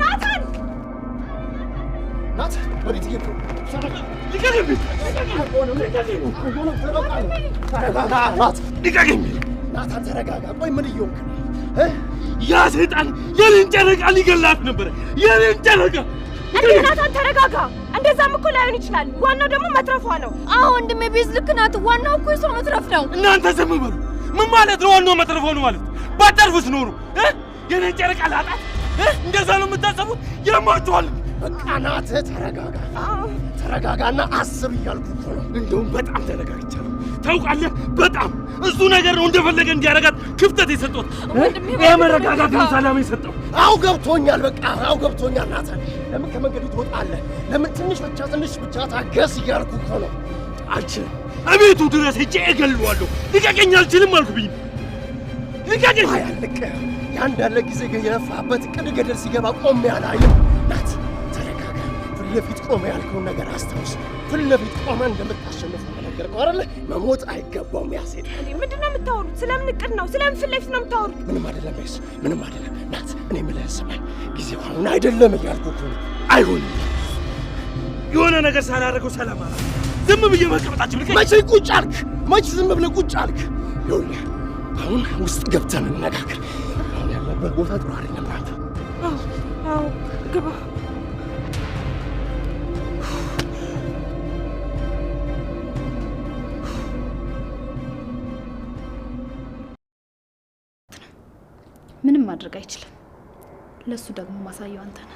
ናታን ናታን ወዴት እየሄድክ ነው? ልቀቅኝ! ናታን ተረጋጋ። ቆይ ምን እየሆንክ ነው? ያ ሰይጣን የኔን ጨረቃ ሊገላት ነበረ። የኔን ጨረቃ እንዴ! ናታን ተረጋጋ። እንደዛም እኮ ላይሆን ይችላል። ዋናው ደግሞ መትረፏ ነው። አዎ ወንድሜ ቤዝ ልክ ናት። ዋናው እኮ የሰው መትረፍ ነው። እናንተ ዝም በሉ። ምን ማለት ነው? ዋናው መትረፏ ነው ማለት ባጠርፉስ ኖሩ የኔን ጨረቃ ላጣት እንደዛ ነው የምታሰቡት? የማችኋል። በቃ ናትህ ተረጋጋ፣ ተረጋጋና አስብ እያልኩ እኮ ነው። እንደውም በጣም ተረጋግቻለሁ። ታውቃለህ፣ በጣም እሱ ነገር ነው እንደፈለገ እንዲያረጋት ክፍተት የሰጠሁት። ይሄ ሰላም የሰጠው። አዎ ገብቶኛል፣ በቃ አዎ ገብቶኛል። ናትህ ለምን ከመንገዱ ትወጣለህ? ለምን ትንሽ ብቻ ትንሽ ብቻ ታገስ እያልኩ እኮ ነው። አልችልም። እቤቱ ድረስ ሄጄ እገልዋለሁ። ልቀቀኝ፣ አልችልም አልኩብኝ። ልቀቀኝ። አይ ያንዳለ ጊዜ የለፋበት ቅድ ገደል ሲገባ ቆሜ አላየም። ናት ተረጋጋ። ፊት ለፊት ቆመ ያልከውን ነገር አስታውስ። ፊት ለፊት ቆመ እንደምታሸንፍ ነገር ቆረለ መሞት አይገባውም። ያሴት ምንድን ነው የምታወሩት? ስለምን እቅድ ነው? ስለምን ፊት ለፊት ነው የምታወሩት? ምንም አይደለም ስ ምንም አይደለም ናት። እኔ የምልህ ስማኝ፣ ጊዜው አሁን አይደለም እያልኩህ አይሆንም። የሆነ ነገር ሳላደርገው ሰላም አላ ዝም ብዬ መቀመጣችሁ ልቀ መቼ ቁጭ አልክ? መቼ ዝም ብለህ ቁጭ አልክ? ይኸውልህ አሁን ውስጥ ገብተን እንነጋገር። ሻል ያለበት ቦታ ጥሩ አይደለም። ናት ግባ ምንም ማድረግ አይችልም። ለእሱ ደግሞ ማሳየው አንተ ነህ።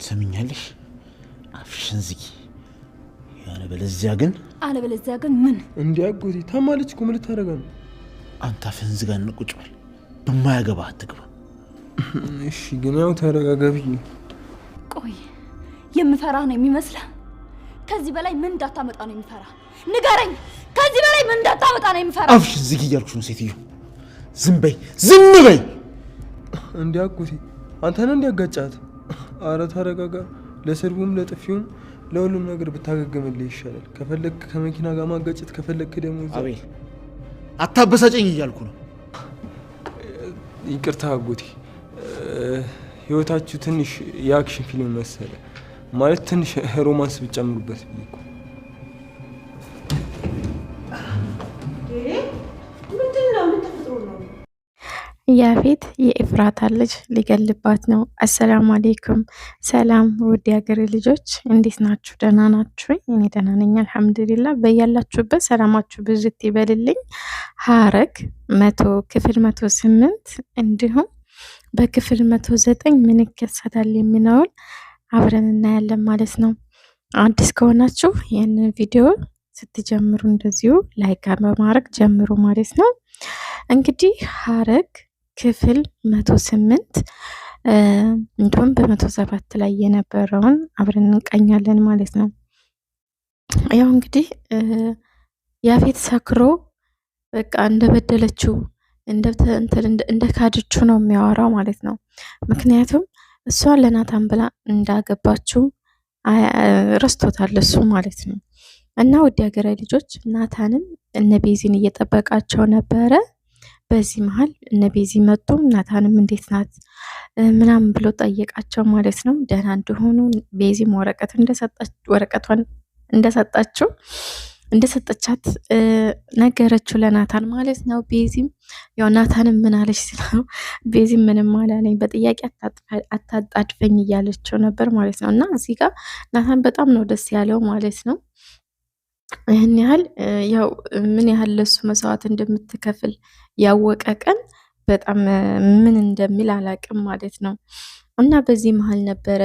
ትሰሚኛለሽ? አፍሽን ዝጊ። አለበለዚያ ግን አለበለዚያ ግን ምን እንዲያጎቴ ታማለች እኮ ምን ልታደርጋ ነው? አንተ አፍህን ዝጋን ቁጭ በል። በማያገባ አትግባ። እሺ፣ ግን ያው ተረጋጋ ብዬ። ቆይ የምፈራ ነው የሚመስልህ? ከዚህ በላይ ምን እንዳታመጣ ነው የሚፈራ? ንገረኝ። ከዚህ በላይ ምን እንዳታመጣ ነው የሚፈራ? አፍሽ ዝግ እያልኩሽ ነው ሴትዮ። ዝም በይ፣ ዝም በይ። እንዲህ አጎቴ፣ አንተን እንዲያጋጫት። አረ ተረጋጋ። ለስድቡም ለጥፊውም ለሁሉም ነገር ብታገግምልህ ይሻላል። ከፈለክ ከመኪና ጋር ማጋጨት፣ ከፈለክ ደግሞ አቤል አታበሳጨኝ እያልኩ ነው። ይቅርታ አጎቴ፣ ህይወታችሁ ትንሽ የአክሽን ፊልም መሰለ። ማለት ትንሽ ሮማንስ ብጨምሩበት ብዬ እኮ ያፌት የኤፍራታ ልጅ ሊገልባት ነው። አሰላሙ አሌይኩም። ሰላም ውድ የሀገሬ ልጆች እንዴት ናችሁ? ደህና ናችሁ? እኔ ደህና ነኝ አልሐምዱሊላ። በያላችሁበት ሰላማችሁ ብዙት ይበልልኝ። ሀረግ መቶ ክፍል መቶ ስምንት እንዲሁም በክፍል መቶ ዘጠኝ ምን ይከሰታል የሚለውን አብረን እናያለን ማለት ነው። አዲስ ከሆናችሁ ይህንን ቪዲዮ ስትጀምሩ እንደዚሁ ላይክ በማድረግ ጀምሩ ማለት ነው። እንግዲህ ሀረግ ክፍል መቶ ስምንት እንዲሁም በመቶ ሰባት ላይ የነበረውን አብረን እንቃኛለን ማለት ነው። ያው እንግዲህ ያፌት ሰክሮ በቃ እንደበደለችው እንደ ካድቹ ነው የሚያወራው ማለት ነው። ምክንያቱም እሷን ለናታን ብላ እንዳገባችው ረስቶታል እሱ ማለት ነው። እና ውድ ሀገራዊ ልጆች ናታንም እነ ቤዚን እየጠበቃቸው ነበረ። በዚህ መሀል እነ ቤዚ መጡ። ናታንም እንዴት ናት ምናምን ብሎ ጠየቃቸው ማለት ነው። ደህና እንደሆኑ ቤዚም ወረቀት ወረቀቷን እንደሰጣቸው እንደሰጠቻት ነገረችው ለናታን ማለት ነው። ቤዚም ያው ናታንም ምን አለች ስለው ቤዚም ምንም አላለኝ በጥያቄ አታጣድፈኝ እያለችው ነበር ማለት ነው። እና እዚህ ጋር ናታን በጣም ነው ደስ ያለው ማለት ነው። ይህን ያህል ያው ምን ያህል ለሱ መስዋዕት እንደምትከፍል ያወቀ ቀን በጣም ምን እንደሚል አላቅም ማለት ነው። እና በዚህ መሀል ነበረ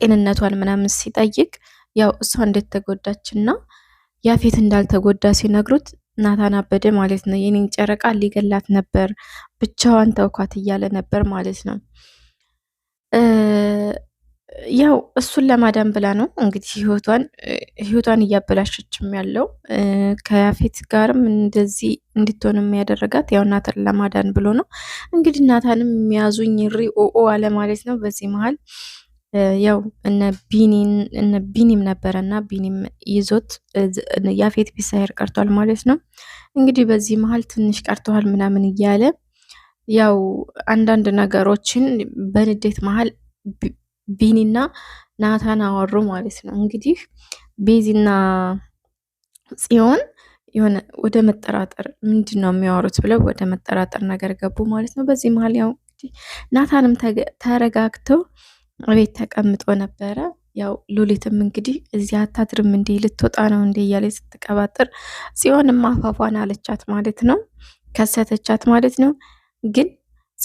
ጤንነቷን ምናምን ሲጠይቅ ያው እሷ ተጎዳች እና ያፌት እንዳልተጎዳ ሲነግሩት ናታን አበደ ማለት ነው። የኔን ጨረቃ ሊገላት ነበር ብቻዋን ተውኳት እያለ ነበር ማለት ነው። ያው እሱን ለማዳን ብላ ነው እንግዲህ ህይወቷን ህይወቷን እያበላሸችም ያለው ከያፌት ጋርም እንደዚህ እንድትሆን የሚያደረጋት ያው እናታን ለማዳን ብሎ ነው እንግዲህ እናታንም የሚያዙኝ ኦኦ አለ ማለት ነው። በዚህ መሀል ያው እነ ቢኒም ነበረ እና ቢኒም ይዞት ያፌት ቢሳሄር ቀርቷል ማለት ነው። እንግዲህ በዚህ መሀል ትንሽ ቀርተዋል ምናምን እያለ ያው አንዳንድ ነገሮችን በንዴት መሀል ቢኒና ናታን አወሩ ማለት ነው። እንግዲህ ቤዚና ጽዮን የሆነ ወደ መጠራጠር ምንድን ነው የሚያወሩት ብለው ወደ መጠራጠር ነገር ገቡ ማለት ነው። በዚህ መሀል ያው እንግዲህ ናታንም ተረጋግተው ቤት ተቀምጦ ነበረ። ያው ሉሊትም እንግዲህ እዚህ አታድርም እንዴ ልትወጣ ነው እንዴ እያለ ስትቀባጥር፣ ጽዮንም አፋፏን አለቻት ማለት ነው። ከሰተቻት ማለት ነው ግን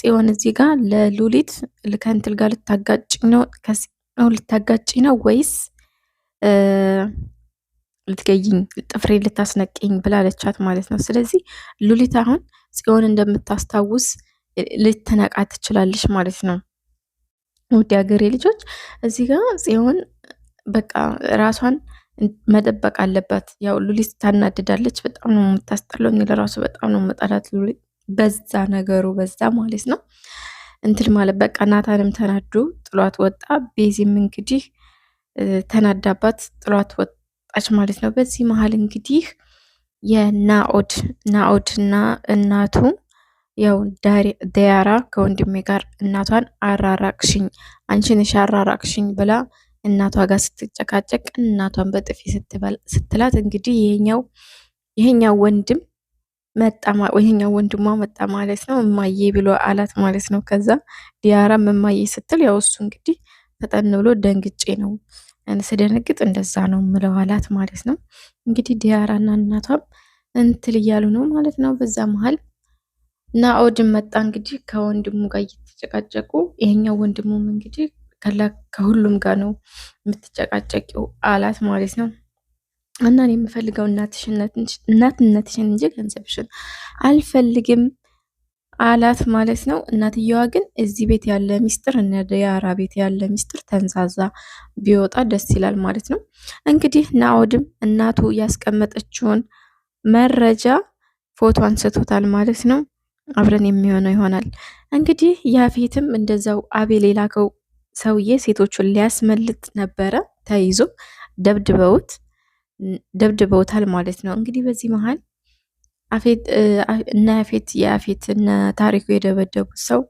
ጽዮን እዚህ ጋር ለሉሊት ልከንትል ጋር ልታጋጭ ነው ነው ልታጋጭ ነው ወይስ ልትገይኝ ጥፍሬ ልታስነቅኝ ብላለቻት ማለት ነው። ስለዚህ ሉሊት አሁን ጽዮን እንደምታስታውስ ልትነቃ ትችላለች ማለት ነው። ውድ ሀገሬ ልጆች እዚህ ጋር ጽዮን በቃ ራሷን መደበቅ አለባት። ያው ሉሊት ታናድዳለች። በጣም ነው የምታስጠለው። እኔ ለራሱ በጣም ነው መጣላት ሉሊት በዛ ነገሩ በዛ ማለት ነው እንትል ማለት በቃ ናታንም ተናዱ ጥሏት ወጣ። ቤዚም እንግዲህ ተናዳባት ጥሏት ወጣች ማለት ነው። በዚህ መሀል እንግዲህ የናኦድ ናኦድና እናቱ ያው ዳያራ ከወንድሜ ጋር እናቷን አራራቅሽኝ፣ አንቺ ነሽ አራራቅሽኝ ብላ እናቷ ጋር ስትጨቃጨቅ እናቷን በጥፊ ስትላት እንግዲህ ይሄኛው ወንድም መጣ ወይኛው ወንድሟ መጣ ማለት ነው። እማዬ ብሎ አላት ማለት ነው። ከዛ ዲያራም እማዬ ስትል ያው እሱ እንግዲህ ፈጠን ብሎ ደንግጬ ነው ስደነግጥ እንደዛ ነው ምለው አላት ማለት ነው። እንግዲህ ዲያራና እናቷም እንትል እያሉ ነው ማለት ነው። በዛ መሀል ኦድን መጣ እንግዲህ ከወንድሙ ጋር እየተጨቃጨቁ ይሄኛው ወንድሙም እንግዲህ ከሁሉም ጋር ነው የምትጨቃጨቂው አላት ማለት ነው። እና እኔ የምፈልገው እናትነትሽን እንጂ ገንዘብሽን አልፈልግም አላት ማለት ነው። እናትየዋ ግን እዚህ ቤት ያለ ሚስጥር እነ ዲያራ ቤት ያለ ሚስጥር ተንዛዛ ቢወጣ ደስ ይላል ማለት ነው። እንግዲህ ናኦድም እናቱ ያስቀመጠችውን መረጃ ፎቶ አንስቶታል ማለት ነው። አብረን የሚሆነው ይሆናል። እንግዲህ ያፌትም እንደዛው አቤል የላከው ሰውዬ ሴቶቹን ሊያስመልጥ ነበረ ተይዞ ደብድበውት ደብድበውታል ማለት ነው። እንግዲህ በዚህ መሀል እነ ያፌት የአፌት እነ ታሪኩ የደበደቡት ሰው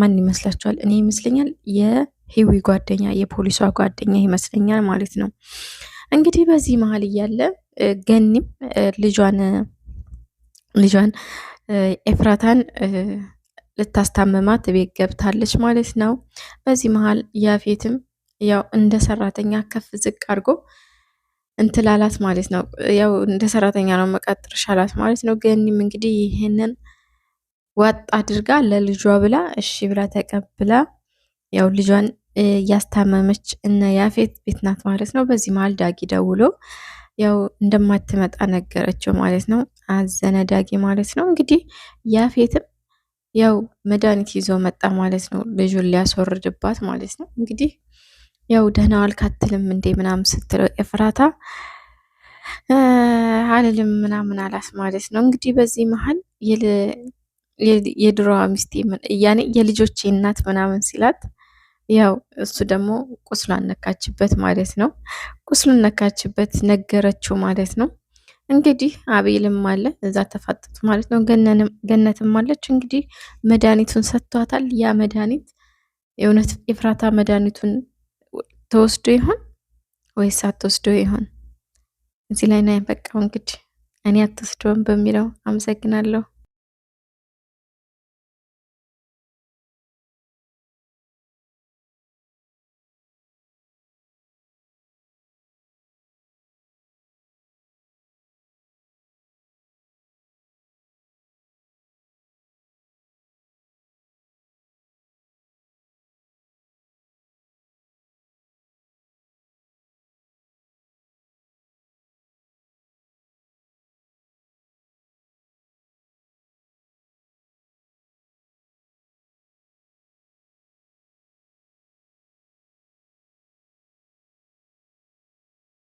ማን ይመስላችኋል? እኔ ይመስለኛል የህዊ ጓደኛ የፖሊሷ ጓደኛ ይመስለኛል ማለት ነው። እንግዲህ በዚህ መሀል እያለ ገኒም ልጇን ልጇን ኤፍራታን ልታስታምማት ቤት ገብታለች ማለት ነው። በዚህ መሀል ያፌትም ያው እንደ ሰራተኛ ከፍ ዝቅ አድርጎ እንትላላት ማለት ነው። ያው እንደ ሰራተኛ ነው መቀጠርሽ ማለት ነው። ገኒም እንግዲህ ይህንን ወጥ አድርጋ ለልጇ ብላ እሺ ብላ ተቀብላ ያው ልጇን እያስታመመች እነ ያፌት ቤት ናት ማለት ነው። በዚህ መሀል ዳጊ ደውሎ ያው እንደማትመጣ ነገረችው ማለት ነው። አዘነ ዳጊ ማለት ነው። እንግዲህ ያፌትም ያው መድኃኒት ይዞ መጣ ማለት ነው። ልጁን ሊያስወርድባት ማለት ነው እንግዲህ ያው ደህና ዋልክ አትልም እንዴ ምናምን ስትለው ኤፍራታ አልልም ምናምን አላት ማለት ነው። እንግዲህ በዚህ መሀል የድሮዋ ሚስቴ ያኔ የልጆቼ እናት ምናምን ሲላት ያው እሱ ደግሞ ቁስሏን ነካችበት ማለት ነው። ቁስሉን ነካችበት ነገረችው ማለት ነው። እንግዲህ አቤልም አለ እዛ ተፋጠጡ ማለት ነው። ገነትም አለች እንግዲህ መድኃኒቱን ሰጥቷታል። ያ መድኃኒት የእውነት ኤፍራታ መድኃኒቱን ተወስዶ ይሆን ወይስ አትወስዶ ይሆን? እዚህ ላይ ነው ያበቃው። እንግዲህ እኔ አትወስዶም በሚለው አመሰግናለሁ።